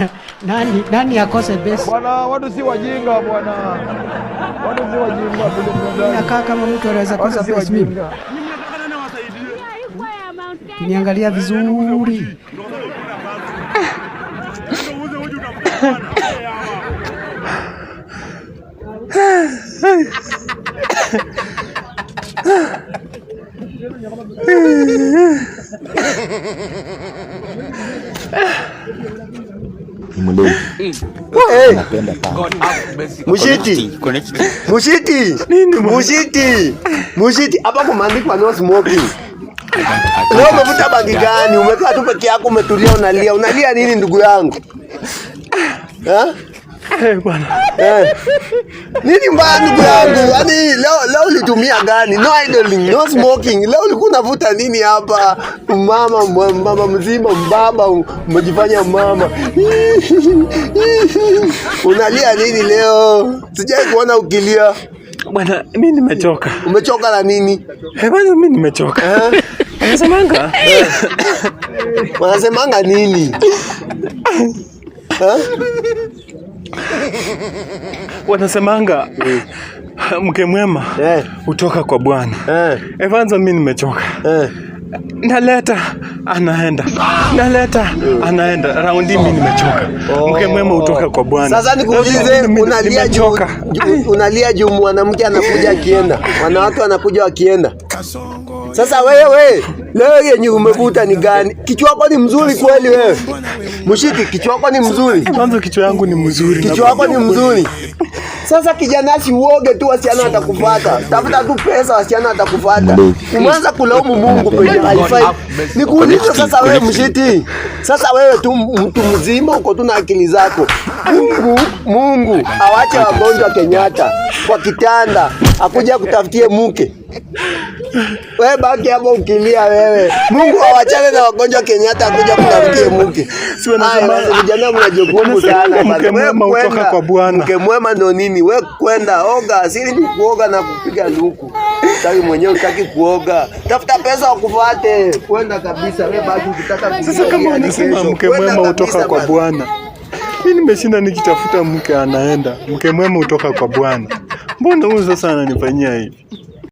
nani, nani akose besi bwana? Watu si wajinga bwana, watu si wajinga. Nakaa kama mtu anaweza kosa pesa mimi niangalia vizuri Mshiti, mm. hapa kumeandikwa bangi gani? Umekaa tu peke yako umetulia unalia. Unalia nini ndugu yangu? Eh, eh. Nini mbaya ndugu yangu? Yaani leo leo ulitumia gani? No idling, no smoking. Leo ulikuwa unavuta nini hapa? Mama mama mzima mbaba umejifanya mama. Unalia nini leo? Sijai kuona ukilia. Bwana, mimi nimechoka. Umechoka na nini? Eh, bwana mimi nimechoka. Eh? Unasemanga? Ah. Unasemanga nini? Eh? wanasemanga eh. mke mwema eh. utoka kwa Bwana eh. Evanza, mimi nimechoka eh. Naleta anaenda ah. naleta eh. anaenda raundi, mimi nimechoka. Mke mwema utoka kwa Bwana. Sasa nikuulize, unalia juu mwanamke anakuja akienda, wanawake wanakuja wakienda sasa wewe leo yenye umekuta ni gani? Kichwa wako ni mzuri kweli wewe. Mushiki, kichwa wako ni mzuri. Kwanza kichwa yangu ni mzuri. Kichwa wako ni mzuri. Sasa kijana, si uoge tu, wasichana atakufuata. Tafuta tu pesa, wasichana atakufuata. Umeanza kulaumu Mungu penye haifai. Nikuulize sasa wewe mshiti. Sasa wewe tu mtu mzima uko tu na akili zako. Mungu, Mungu awache wagonjwa Kenyatta kwa kitanda, akuja kutafutie mke. Wewe baki hapo ukilia wewe. Mungu awachane na wagonjwa Kenyatta akuja kutamkie mke. Si wanasema vijana mna jukumu sana Wewe kutoka kwa Bwana. Mke mwema ndio nini? Wewe kwenda oga, asili ni kuoga na kupiga luku. Sasa mwenyewe utaki kuoga. Tafuta pesa ukufuate. Kwenda kabisa wewe baki ukitaka. Sasa kama unasema mke mwema utoka kwa Bwana. Mimi nimeshinda nikitafuta mke anaenda. Mke mwema utoka kwa Bwana. Mbona huyu sasa ananifanyia hivi?